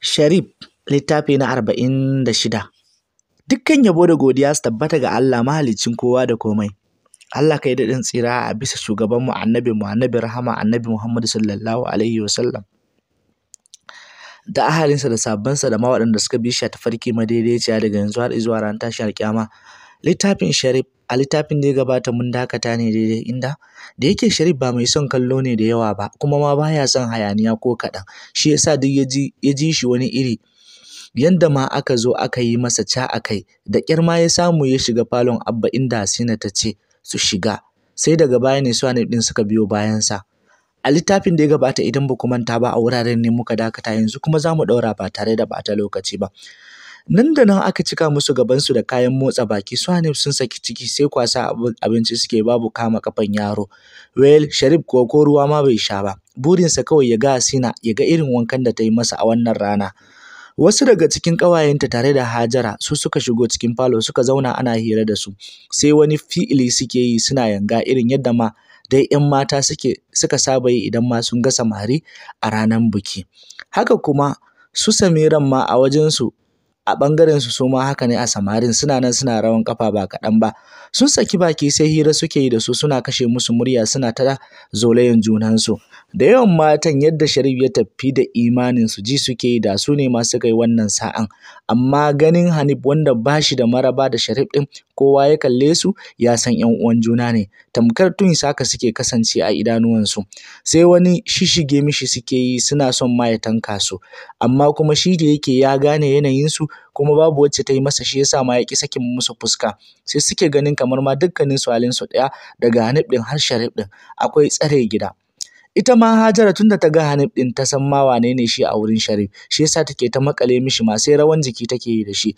Sharif littafi na arba'in da shida Dukkan yabo da godiya su tabbata ga Allah mahaliccin kowa da komai. Allah kai daɗin tsira a bisa shugabanmu annabi mu annabi rahama annabi Muhammadu sallallahu alaihi wasallam. Da ahalinsa da sabbansa da mawaɗanda suka bi shi a tafarki madaidaiciya daga yanzu har zuwa ran tashi kyama. littafin sharif a littafin da ya gabata mun dakata ne daidai inda da yake sharif ba mai son kallo ne da yawa ba kuma ma baya son hayaniya ko kaɗan shi yasa duk ya ji shi wani iri yanda ma aka zo aka yi masa ca a kai da ƙyar ma ya samu ya shiga falon abba inda hasina ta ce su shiga sai daga baya ne suwa ɗin suka biyo bayansa a littafin da ya gabata idan ba ku manta ba a wuraren ne muka dakata yanzu kuma za mu ɗaura ba tare da ɓata lokaci ba nan da nan aka cika musu gabansu da kayan motsa baki su hanif sun saki ciki sai kwasa abinci suke babu kama kafan yaro well sharif kuwa ko ruwa ma bai sha ba burinsa kawai ya ga asina ya ga irin wankan da ta yi masa a wannan rana Wasu daga cikin ƙawayenta tare da Hajara su suka shigo cikin falo suka zauna ana hira da su, sai wani fi'ili suke yi suna yanga irin yadda ma dai 'yan mata suke suka saba yi idan ma sun ga samari a ranar biki. Haka kuma su Samiran ma a wajensu a ɓangaren su suma haka ne a samarin suna nan suna rawan kafa ba kaɗan ba sun saki baki sai hira suke yi da su suna kashe musu murya suna ta zolayen junansu Da yawan matan yadda Sharif ya tafi da imanin su ji suke yi da su ne ma kai wannan sa'an, amma ganin Hanif wanda ba shi da maraba da Sharif ɗin kowa ya kalle su ya san ‘yan uwan juna ne, tamkar tun saka suke kasance a idanuwansu, sai wani shishige mishi suke yi suna son ma ya tanka su, amma kuma shi da yake ya gane yanayinsu kuma babu wacce ta yi masa shi yasa ma ya ki sakin musu fuska, sai suke ganin kamar ma dukkaninsu halinsu ɗaya daga Hanif ɗin har Sharif ɗin, akwai tsare gida. Ita ma Hajara tunda ta ga Hanif ɗin ta san ma wane ne shi a wurin Sharif, shi yasa take ta maƙale mishi ma sai rawan jiki take yi da shi.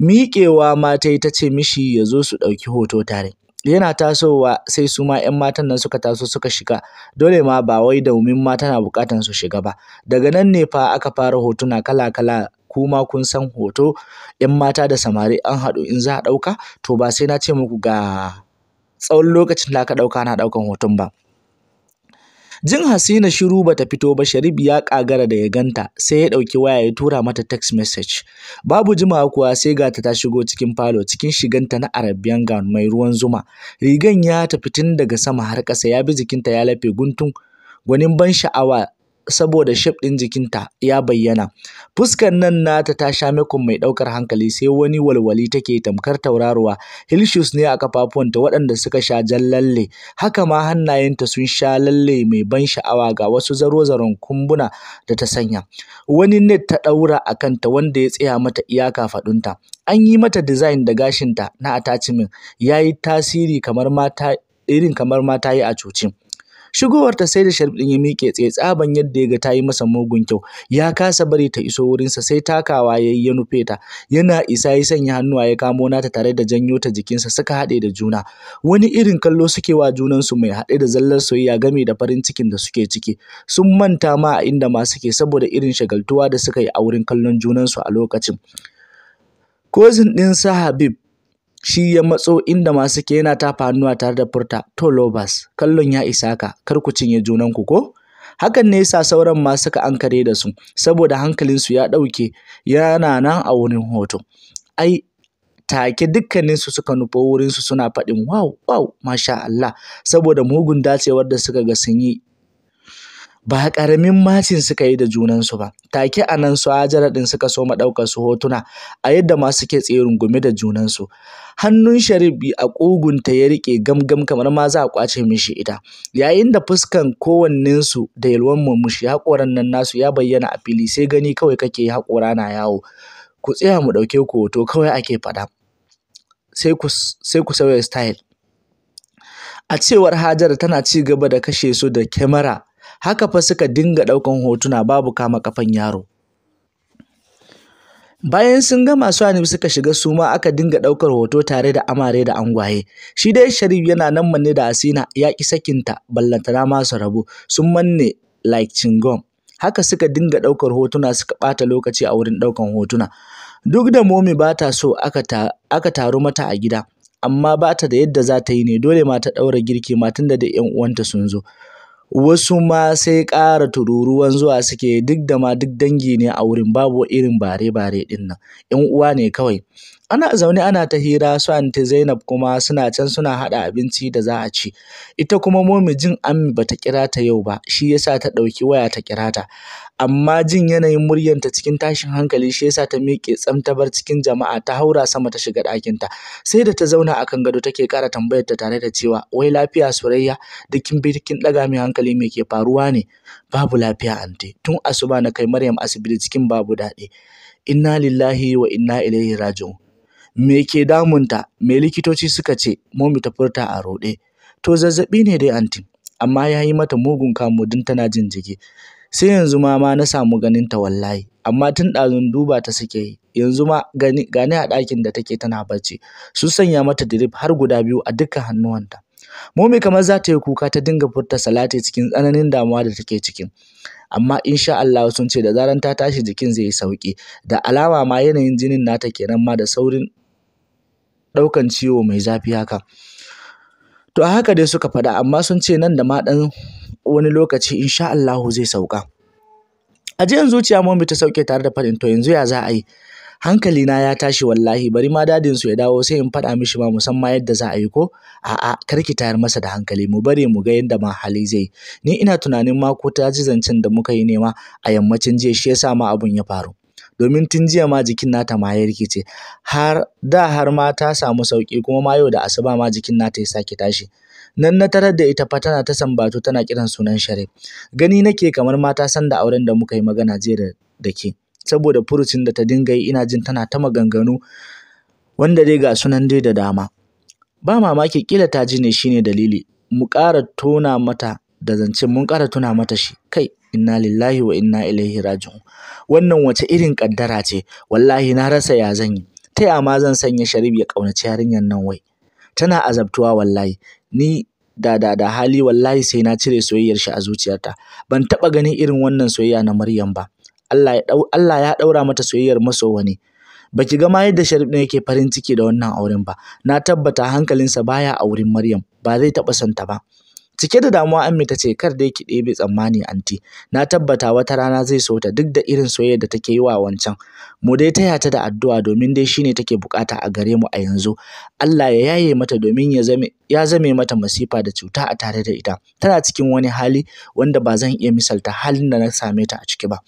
Miƙewa ma ta yi ta ce mishi ya zo su ɗauki hoto tare. Yana tasowa sai su ma 'yan matan nan suka taso suka shiga, dole ma ba wai daumin ma tana buƙatan su shiga ba. Daga nan ne fa aka fara hotuna kala-kala kuma kun san hoto 'yan mata da samari an haɗu in za a ɗauka, to ba sai na ce muku ga tsawon lokacin da aka ɗauka ana ɗaukan hoton ba. Jin Hasina shiru bata fito ba Sharif ya kagara da ya ganta sai ya ɗauki waya ya tura mata text message. Babu jimawa kuwa sai ga ta shigo cikin falo cikin shiganta na Arabian gown mai ruwan zuma. Rigan ya tafi tun daga sama har ƙasa ya bi jikinta ya lafe guntun gwanin ban sha'awa saboda shaf ɗin jikinta ya bayyana. Fuskar nan nata ta sha makon mai ɗaukar hankali sai wani walwali take tamkar tauraruwa. Hilshus ne a kafafunta waɗanda suka sha jan lalle. Haka ma hannayenta sun sha lalle mai ban sha'awa ga wasu zaro-zaron kumbuna da ta sanya. Wani net ta ɗaura a kanta wanda ya tsaya mata iyaka faɗunta. An yi mata design da gashinta na attachment yayi tasiri kamar mata irin kamar mata yi a cocin. shigowarta sai da sharif ɗin ya miƙe tsaye tsaban yadda ya ga ta yi masa mugun kyau ya kasa bari ta iso wurinsa sai takawa yayi ya nufe ta yana isa ya sanya hannuwa ya kamo nata tare da janyo ta jikin sa suka haɗe da juna wani irin kallo suke wa junansu mai haɗe da zallar soyayya game da farin cikin da suke ciki sun manta ma a inda ma suke saboda irin shagaltuwa da suka yi a wurin kallon junan su a lokacin kozin ɗin sa habib shi ya matso inda masu ke yana tafa hannuwa tare da furta to lovers kallon ya isa ka kar ku cinye junan ku ko hakan ne yasa sauran masu ka ankare da su saboda hankalinsu ya ɗauke yana nan a wurin hoto ai take dukkaninsu suka nufo wurinsu suna faɗin wow wow masha Allah saboda mugun dacewar da suka ga sun yi ba ƙaramin macin suka yi da junansu ba take a nan su hajara ɗin suka soma ɗaukar su hotuna a yadda ma suke tsaye gumi da junansu hannun sharibi a ƙugunta ya riƙe gamgam kamar ma za a ƙwace mishi ita yayin da fuskan kowannensu da yalwan murmushi haƙoran nan nasu ya bayyana a fili sai gani kawai kake yi haƙora na yawo ku tsaya mu ɗauke ku hoto kawai ake faɗa sai ku sai ku sauya style a cewar Hajara tana ci gaba da kashe su da kyamara haka fa suka dinga ɗaukan hotuna babu kama kafan yaro bayan sun gama su Hanif suka shiga suma, aka dinga ɗaukar hoto tare da amare da angwaye shi dai Sharif yana nan manne da Asina ya ki sakinta ballantana na su rabu sun manne like Chingom. haka suka dinga ɗaukar hotuna suka ɓata lokaci a wurin ɗaukan hotuna duk da momi ba ta so aka taru mata a gida amma ba ta da yadda za ta yi ne dole ma ta ɗaura girki matan da dai 'yan uwanta sun zo Wasu ma sai ƙara tururuwan zuwa suke duk da ma duk dangi ne a wurin, babu irin bare-bare ɗin nan, 'yan uwa ne kawai. ana zaune ana ta hira su anti Zainab kuma suna can suna haɗa abinci da za a ci. Ita kuma momi jin Ammi bata kira ta yau ba, shi yasa ta ɗauki waya ta kira ta. Amma jin yanayin muryarta cikin tashin hankali shi yasa ta miƙe tsamta bar cikin jama'a ta haura sama ta shiga ɗakinta. Sai da ta zauna akan gado take ƙara tambayar ta tare da cewa wai lafiya Surayya da kin bi ɗaga min hankali me ke faruwa ne? Babu lafiya anti, tun asuba na kai Maryam asibiti cikin babu daɗi. Inna lillahi wa inna ilaihi raji'un. me ke damunta, me likitoci suka ce, momi ta furta a roɗe. To zazzabi ne dai anti, amma ya yi mata mugun kamu din tana jin jiki. Sai yanzu ma ma na samu ganin ta wallahi, amma tun ɗazun duba ta suke yi, yanzu ma gani gani a ɗakin da take tana bacci. Su sanya mata drip har guda biyu a dukkan hannuwanta. Momi kamar za ta yi kuka ta dinga furta salati cikin tsananin damuwa da take cikin. Amma insha Allah sun ce da zaran ta tashi jikin zai yi sauƙi. Da alama ma yanayin jinin nata kenan ma da saurin ɗaukan ciwo mai zafi haka to a haka dai suka faɗa amma sun ce nan da ma ɗan wani lokaci insha Allah zai sauka ajiyan zuciya mu ta sauke tare da faɗin to yanzu ya za a yi hankali na ya tashi wallahi bari ma dadin su ya dawo sai in faɗa mishi ma musamman yadda za a yi ko a'a kar ki tayar masa da hankali mu bari mu ga yadda ma hali zai ni ina tunanin ma ko ta ji zancen da muka yi nema a yammacin jiya shi yasa ma abun ya faru domin tun jiya ma jikin nata ma ya rikice har da har ma ta samu sauki kuma ma yau da asuba ma jikin nata ya sake tashi nan na tarar da ita fa tana ta sambato tana kiran sunan Sharif gani nake kamar mata ta san da auren da muka yi magana jiya da ke saboda furucin da ta dinga yi ina jin tana ta maganganu wanda dai ga sunan dai da dama ba mamaki kila ta ji ne shine dalili mu kara tona mata da zancen mun ƙara tuna mata shi kai inna lillahi wa inna ilaihi raji'un wannan wace irin kaddara ce wallahi na rasa ya zan yi ta ya ma zan sanya Sharif ya kaunaci yarinyar nan wai tana azabtuwa wallahi ni da da da hali wallahi sai na cire soyayyar shi a zuciyarta ban taba ganin irin wannan soyayya na Maryam ba Allah ya dau Allah ya daura mata soyayyar maso wani baki ga ma yadda Sharif ne yake farin ciki da wannan auren ba na tabbata hankalinsa baya a wurin Maryam ba zai taba santa ba Cike da damuwa Ammi ta ce kar dai ki ɗebe tsammani anti, na tabbata wata rana zai so ta duk da irin soyayyar da take yi wa wancan. Mu dai taya ta da addu'a domin dai shine take bukata a gare mu a yanzu. Allah ya yaye mata domin ya zame ya zame mata masifa da cuta a tare da ita. Tana cikin wani hali wanda ba zan iya misalta halin da na same ta a ciki ba.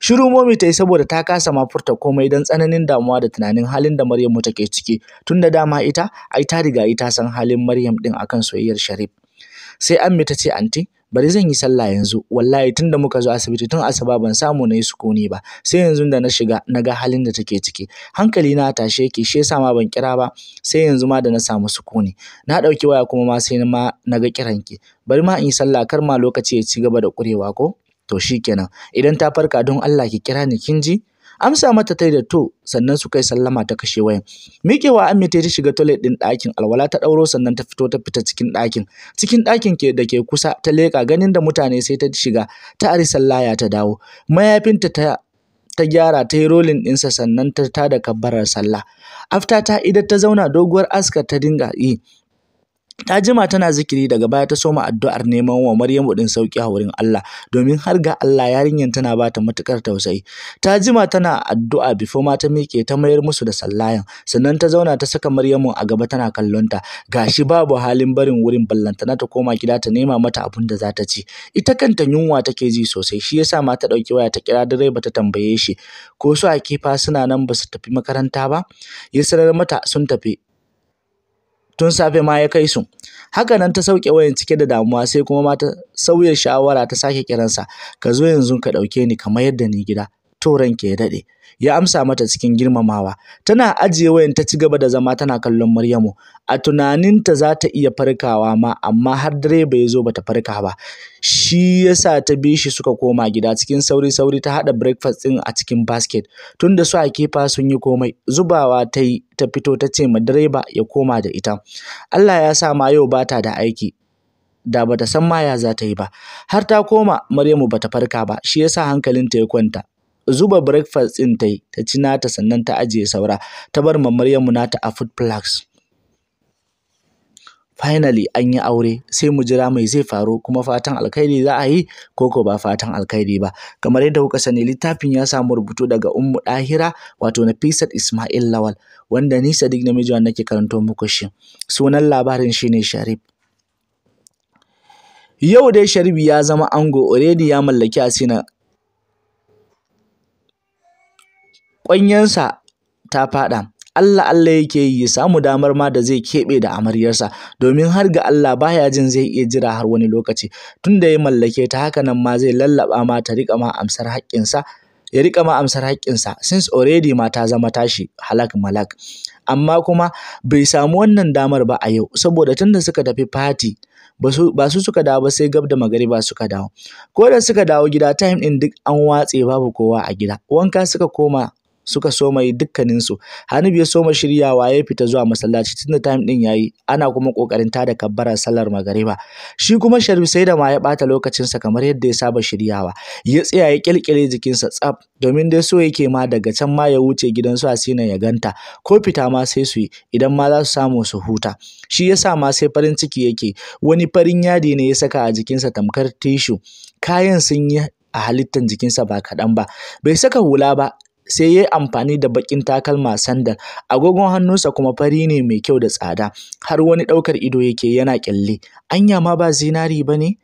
Shiru Momi ta yi saboda ta kasa ma furta komai don tsananin damuwa da tunanin halin da Maryamu take ciki, tun da dama ita, ai ta riga ita san halin Maryam ɗin akan soyayyar Sharif. sai amme ta ce anti bari zan yi sallah yanzu wallahi tun da muka zo asibiti tun asaba ban samu na yi sukuni ba sai yanzu da na shiga na ga halin da take ciki hankali na tashe yake shi yasa ma ban kira ba sai yanzu ma da na samu sukuni na ɗauki waya kuma ma sai ma na ga kiranki bari ma in yi sallah kar ma lokaci ya ci gaba da ƙurewa ko to shikenan idan ta farka don Allah ki kira ni kin ji amsa mata ta da to sannan su kai sallama ta kashe wayan miƙewa amme ta shiga toilet din ɗakin alwala ta ɗauro sannan ta fito ta fita cikin ɗakin cikin ɗakin ke da ke kusa ta leƙa ganin da mutane sai ta shiga ta ari sallaya ta dawo mayafinta ta ta gyara ta yi rolin ɗinsa sannan ta tada kabbarar sallah afta ta idan ta zauna doguwar aska ta dinga yi ta jima tana zikiri daga baya ta soma addu'ar neman wa Maryamu din sauki a wurin Allah domin har ga Allah yarinyar tana ba ta matukar tausayi ta jima tana addu'a bifo ma ta miƙe ta mayar musu da sallayan sannan ta zauna ta saka Maryamu a gaba tana kallonta gashi babu halin barin wurin ballantana ta koma gida ta nema mata abin da za ta ci ita kanta yunwa take ji sosai shi yasa ma ta ɗauki waya ta kira direba ta tambaye shi ko su a kifa suna nan ba su tafi makaranta ba ya sanar mata sun tafi tun safe ma ya kai su haka nan ta sauke wayan cike da damuwa sai kuma ma ta sauya shawara ta sake kiransa ka zo yanzu ka ɗauke ni kamar yadda ni gida to ranke ya daɗe ya amsa mata cikin girmamawa tana ajiye wayan ta ci gaba da zama tana kallon Maryamu a tunaninta za ta iya farkawa ma amma har dare bai zo bata farka ba shi yasa ta bi shi suka koma gida cikin sauri sauri ta hada breakfast din a cikin basket tunda su a kefa sun yi komai zubawa ta yi ta fito ta ce ma direba ya koma da ita Allah ya sa ma yau bata da aiki da bata san maya ya za ta yi ba har ta koma Maryamu bata farka ba shi yasa hankalinta ya kwanta zuba breakfast ɗin ta yi ta ci nata sannan ta ajiye saura ta bar ma Maryamu nata a food plugs finally an yi aure sai mu jira mai zai faru kuma fatan alkhairi za a yi ko ba fatan alkhairi ba kamar yadda kuka sani littafin ya samu rubutu daga ummu dahira wato na nafisat ismail lawal wanda ni sadiq namiji wanda nake karanto muku shi sunan labarin shine sharif yau dai sharif ya zama ango already ya mallaki asina ƙwanyensa ta faɗa. Allah Allah yake yi ya samu damar ma da zai keɓe da amaryarsa domin har ga Allah baya jin zai iya jira har wani lokaci tunda ya mallake ta haka nan ma zai lallaɓa ma ta riƙa ma amsar haƙƙinsa ya riƙa ma amsar haƙƙinsa since already ma ta zama tashi halak malak amma kuma bai samu wannan damar ba a yau saboda tun da suka tafi fati ba su suka dawo ba sai gab da magariba suka dawo ko da suka dawo gida time ɗin duk an watse babu kowa a gida wanka suka koma suka soma yi dukkaninsu Hanif ya soma shiryawa ya fita zuwa masallaci tun da time din yayi ana kuma kokarin tada kabbarar sallar magariba shi kuma Sharif sai da ma ya bata lokacinsa kamar yadda ya saba shiryawa ya tsaya ya kilkile jikinsa tsaf domin dai so yake ma daga can ma ya wuce gidan su Asina ya ganta ko fita ma sai su yi idan ma za su samu su huta shi yasa ma sai farin ciki yake wani farin yadi ne ya saka a jikinsa tamkar tishu kayan sun yi a halittar jikinsa ba kaɗan ba bai saka hula ba sai ya yi amfani da baƙin takalma sandal agogon hannunsa kuma fari ne mai kyau da tsada har wani ɗaukar ido yake yana ƙyalle anya ma ba zinari ba ne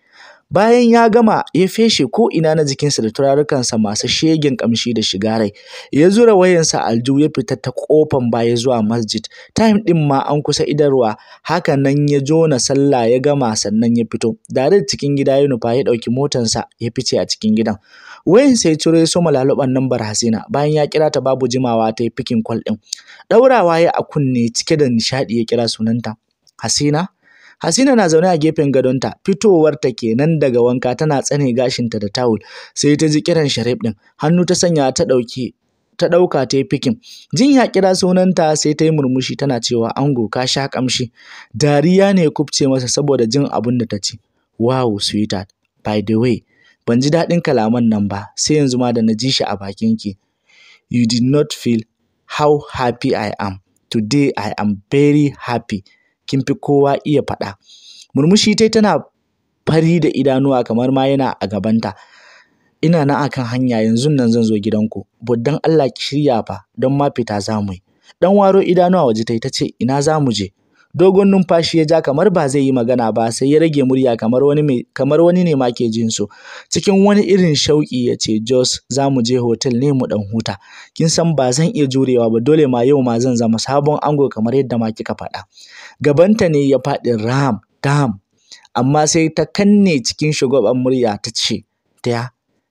Bayan ya gama, ya feshe ko'ina na jikinsa da turarukansa masu shegen ƙamshi da shigarai. Ya zura wayansa aljihu ya fita ta ƙofan baya zuwa masjid. Time ɗin ma an kusa idarwa, haka nan ya jona sallah ya gama sannan ya fito. Dare cikin gida ya nufa ya ɗauki motarsa ya fice a cikin gidan. Wayansa ya ciro ya soma laluɓan nambar Hasina bayan ya kira ta babu jimawa ta yi fikin kwal ɗin. Ɗaurawa ya a kunne cike da nishaɗi ya kira sunanta. Hasina, Hasina na zaune a gefen gadonta, Fitowar fitowarta kenan daga wanka tana tsane gashinta da tawul, sai ta ji kiran Sharif ɗin, hannu ta sanya ta ɗauki ta ɗauka ta yi fikin. Jin ya kira sunanta sai ta yi murmushi tana cewa ango ka sha kamshi. Dariya ne kubce masa saboda jin abin da ta ci, Wow sweetheart, by the way, ban ji daɗin kalaman nan ba sai yanzu ma da na ji shi a bakinki. You did not feel how happy I am. Today I am very happy. kin fi kowa iya faɗa murmushi tai tana fari da idanuwa kamar ma yana a gabanta ina nan akan hanya yanzu nan zan zo gidanku buddan Allah ki shirya fa don ma fita za mu yi dan waro idanuwa waje tai ce ina za mu je dogon numfashi ya ja kamar ba zai yi magana ba sai ya rage murya kamar wani mai kamar wani ne ma ke jin su cikin wani irin shauki ya ce Jos za mu je hotel ne mu ɗan huta kin san ba zan iya jurewa ba dole ma yau ma zan zama sabon ango kamar yadda ma kika faɗa Gabanta ne ya faɗi ram dam, amma sai ta kanne cikin shugaban murya ta ce, Taya,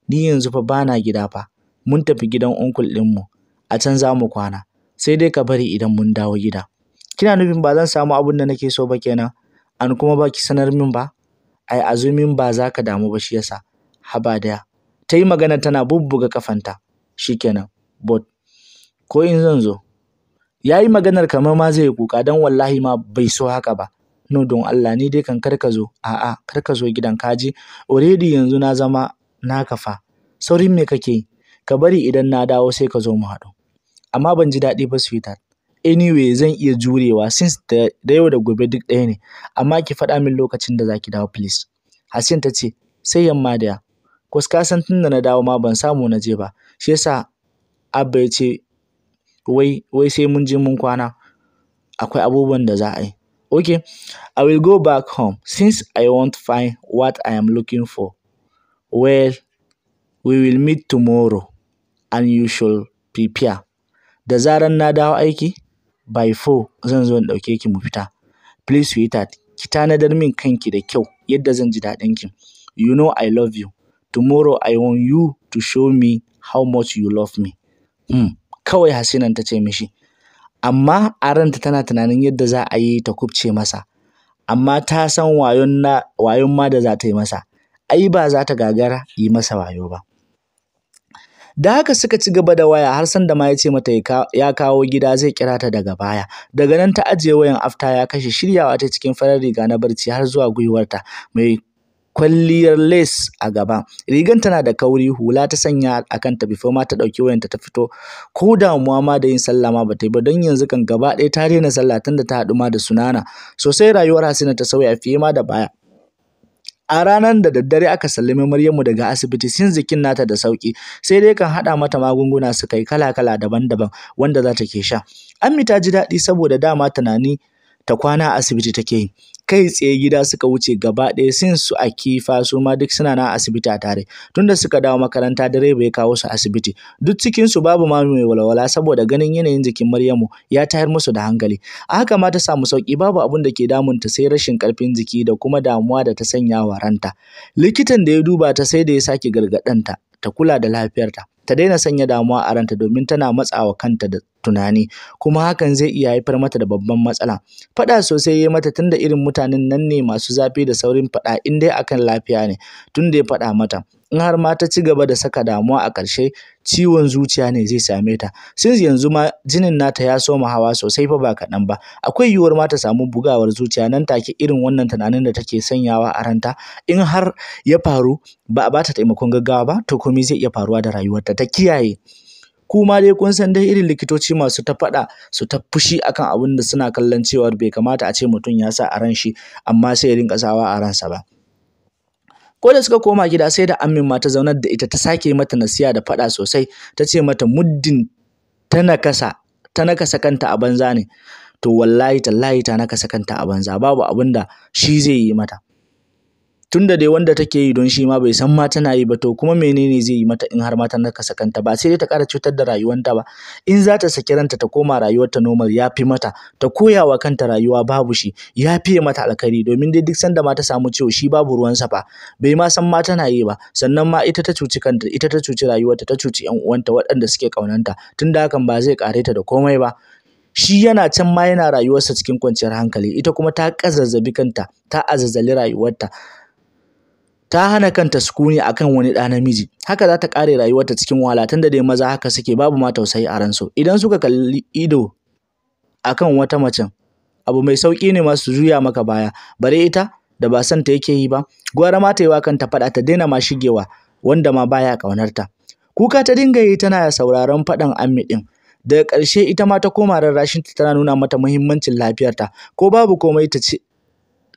ni yanzu fa ba na gida fa, mun tafi gidan onkul ɗinmu, a can za mu kwana, sai dai ka bari idan mun dawo gida. Kina nufin ba zan samu abin da nake so ba kenan, an kuma ba ki sanar min ba? Ai, azumin ba za ka damu ba shi yasa, haba daya. Ta yi magana tana bubbuga kafanta, Shikenan. kenan, bot, ko in zan zo. ya yi maganar kamar ma zai yi kuka don wallahi ma bai so haka ba no don Allah ni dai kan karka zo a'a karka zo gidan kaji already yanzu na zama na kafa. saurin me kake ka bari idan na dawo sai ka zo mu haɗu amma ban ji daɗi ba sweetheart anyway zan iya jurewa since da yau da gobe duk ɗaya ne amma ki faɗa min lokacin da zaki dawo please Hasin ta ce sai yamma da ya kwas ka san tunda na dawo ma ban samu na je ba shi yasa Abba ya ce wai wai sai mun je mun kwana akwai abubuwan da za a yi okay i will go back home since i won't find what i am looking for well we will meet tomorrow and you should prepare da zaran na dawo aiki by 4 zan zo in ɗauke ki mu fita please sweetheart ki tanadar min kanki da kyau yadda zan ji daɗin ki you know i love you tomorrow i want you to show me how much you love me mm. kawai hasinan ta ce mishi amma a ranta tana tunanin yadda za a yi ta kubce masa amma ta san wayon ma da za ta yi masa ai ba za ta gagara yi masa wayo ba da haka suka ci gaba da waya har sanda ma ya ce mata ya kawo gida zai kira ta daga baya daga nan ta ajiye wayan afta ya kashe shiryawa ta cikin farar riga na barci har zuwa gwiwarta mai kwalliyar lace a gaba rigan tana da kauri hula ta sanya a kanta before ma ta ɗauki wayanta ta fito ko damuwa ma da yin sallah ma bata yi ba don yanzu kan gaba ɗaya ta daina sallah tun da ta haɗu ma da sunana sosai rayuwar hasina ta sauya fiye ma da baya a ranar da daddare aka sallame Maryamu daga asibiti sin jikin nata da sauki sai dai kan haɗa mata magunguna su kai kala-kala daban-daban wanda za ta ke sha Ammi ta ji daɗi saboda dama tunani ta kwana a asibiti take yi kai tsaye gida suka wuce gaba ɗaya sin su a kifa su ma duk suna na asibiti a tare tunda suka dawo makaranta dare bai kawo su asibiti duk cikin su babu ma mai walwala saboda ganin yanayin jikin Maryamu ya tayar musu da hankali a haka ma ta samu sauki babu abin da ke damun ta sai rashin karfin jiki da kuma damuwa da ta sanya wa ranta likitan da ya duba ta sai da ya sake gargadanta ta kula da lafiyarta ta daina sanya damuwa a ranta domin tana matsawa kanta da tunani kuma hakan zai iya haifar mata da babban matsala faɗa sosai ya mata tunda irin mutanen nan ne masu zafi da saurin faɗa in dai akan lafiya ne tunda ya faɗa mata in har ma ta ci gaba da saka damuwa a ƙarshe ciwon zuciya ne zai same ta since yanzu ma jinin nata ya soma hawa sosai fa ba kaɗan ba akwai yiwuwar ma ta samu bugawar zuciya nan take irin wannan tunanin da take sanyawa a ranta in har ya faru ba a ba ta taimakon gaggawa ba to komai zai iya faruwa da rayuwarta ta kiyaye kuma dai kun san dai irin likitoci masu ta faɗa su ta fushi akan abin da suna kallon cewa bai kamata a ce mutum ya sa a ran shi amma sai ya rinka sawa a ransa ba ko da suka koma gida sai da amin ma ta zaunar da ita ta sake mata nasiya da faɗa sosai ta ce mata muddin ta nakasa ta nakasa kanta a banza ne to wallahi tallahi ta kasa kanta a banza babu abin da shi zai yi mata tunda dai wanda take yi don shi ma bai san ma tana yi ba to kuma menene zai yi mata in har ma ta kasa kanta ba sai dai ta ƙara cutar da rayuwanta ba in za ta saki ranta ta koma rayuwarta normal ya fi mata ta koya wa kanta rayuwa babu shi ya fiye mata alkari domin dai duk sanda ma ta samu ciwo shi babu ruwansa fa bai ma san ma tana yi ba sannan ma ita ta cuci kanta ita ta cuci rayuwarta ta cuci ƴan uwanta waɗanda suke ƙaunanta tunda hakan ba zai ƙare ta da komai ba shi yana can ma yana rayuwarsa cikin kwanciyar hankali ita kuma ta ƙazazzabi kanta ta azazzali rayuwarta ta hana kanta sukuni akan wani ɗa namiji haka za ta ƙare rayuwarta cikin wahala tunda dai maza haka suke babu ma tausayi a ransu idan suka kalli ido akan wata mace abu mai sauki ne ma su juya maka baya bare ita da ba san ta yake yi ba gwara ma ta yi wa kanta faɗa ta daina ma shigewa wanda ma baya ƙaunarta kuka ta dinga yi tana sauraron faɗan ammi ɗin daga ƙarshe ita ma ta koma rarrashinta tana nuna mata muhimmancin lafiyarta ko babu komai ta ce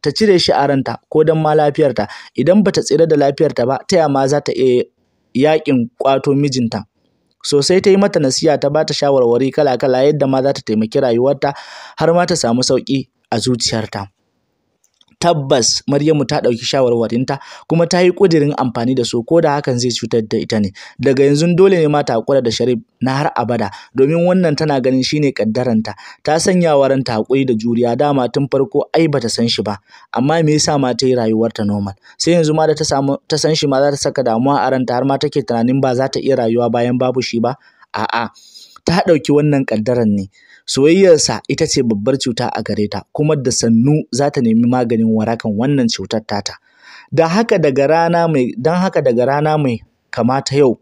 ta cire shi a ranta ko don ma lafiyarta idan bata tsira da lafiyarta ba ta ma za ta iya yaƙin ƙwato mijinta sosai ta yi mata nasiha ta ba ta shawarwari kala-kala yadda ma za ta taimaki rayuwarta har ma ta samu sauƙi a zuciyarta tabbas Maryamu ta ɗauki shawarwarinta kuma ta yi ƙudirin amfani da su ko da hakan zai cutar da ita ne daga yanzu dole ne mata ta haƙura da Sharif na har abada domin wannan tana ganin shine kaddaranta ta sanya ranta haƙuri da juriya dama tun farko ai bata san shi ba amma me yasa ma ta yi rayuwarta normal sai yanzu ma da ta samu ta san shi ma za ta saka damuwa a ranta har ma take tunanin ba za ta iya rayuwa bayan babu shi ba a'a ta ɗauki wannan ƙaddarar ne soyayyarsa ita ce babbar cuta a gare ta kuma da sannu za ta nemi maganin warakan wannan cutar tata da haka daga rana mai don haka daga rana mai kamata yau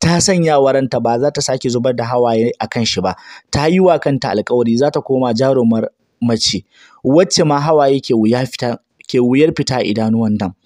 ta sanya waranta ba za ta sake zubar da hawaye a kan shi ba ta yi wa kanta alkawari za ta koma jarumar mace wacce ma hawaye ke wuyar fita idanuwan nan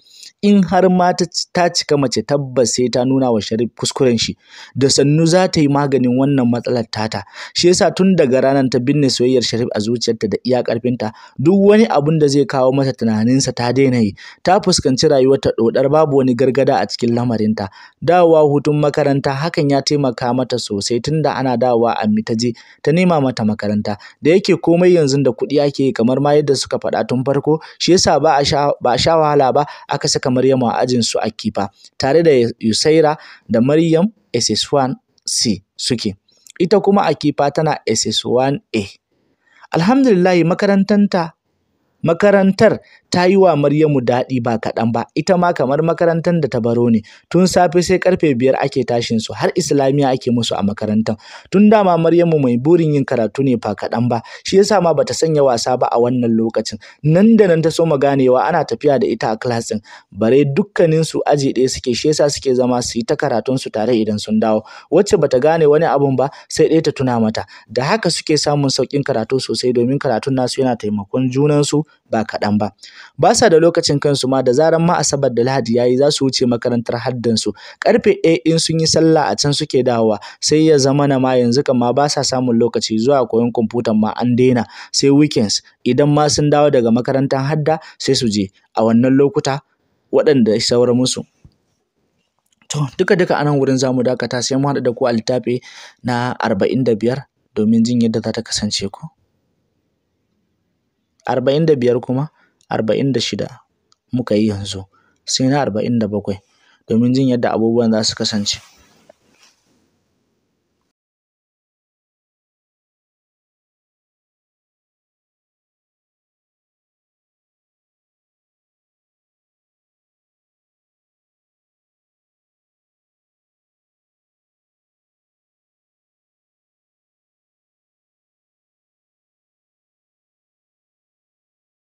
in har ma ta cika mace tabbas sai ta nuna wa Sharif kuskuren shi da sannu za ta yi maganin wannan matsalar tata shi yasa tun daga ranar ta binne soyayyar Sharif a zuciyarta da iya karfinta duk wani abun da zai kawo mata tunaninsa ta daina yi ta fuskanci rayuwar rayuwarta dodar babu wani gargada a cikin lamarinta dawowa hutun makaranta hakan ya taimaka mata sosai tunda ana dawowa a mitaje ta nema mata makaranta da yake komai yanzu da kuɗi ake kamar ma yadda suka faɗa tun farko shi yasa ba a sha wahala ba aka saka Maryamu a ajin su a Kifa tare da Yusaira da Maryam SS1C suke. Ita kuma a Kifa tana SS1A. Alhamdulillah makarantanta makarantar ta yi wa Maryamu daɗi ba kaɗan ba, ita ma kamar makarantar da ta baro ne, tun safe sai karfe biyar ake tashin su har Islamiyya ake musu a makarantar. Tun dama Maryamu mai burin yin karatu ne ba kaɗan ba, shi yasa ma bata sanya wasa ba a wannan lokacin. Nan da nan ta soma ganewa ana tafiya da ita a class ɗin, bare dukkanin su aji ɗaya suke shi yasa suke zama su yi ta karatun su tare idan sun dawo. Wacce bata gane wani abun ba sai ɗaya ta tuna mata, da haka suke samun sauƙin karatu sosai domin karatun nasu yana taimakon junansu ba kaɗan ba. ba sa da lokacin kansu ma da zaran ma asabar da lahadi yayi za su wuce makarantar haddan su karfe ɗaya in sun yi sallah a can suke dawowa sai ya zama na ma yanzu kan ma ba sa samun lokaci zuwa koyon kwamfutan ma an daina sai weekends idan ma sun dawo daga makarantar hadda sai su je a wannan lokuta waɗanda sauran musu to duka duka anan wurin zamu dakata sai mu haɗu da ku a littafi na arba'in da biyar domin jin yadda za ta kasance ku arba'in da biyar kuma arba'in da shida muka yi yanzu sai na arba'in da bakwai domin jin yadda abubuwan za su kasance.